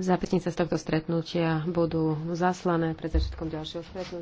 Zápisnice z tohto stretnutia budú zaslané pred začiatkom ďalšieho stretnutia.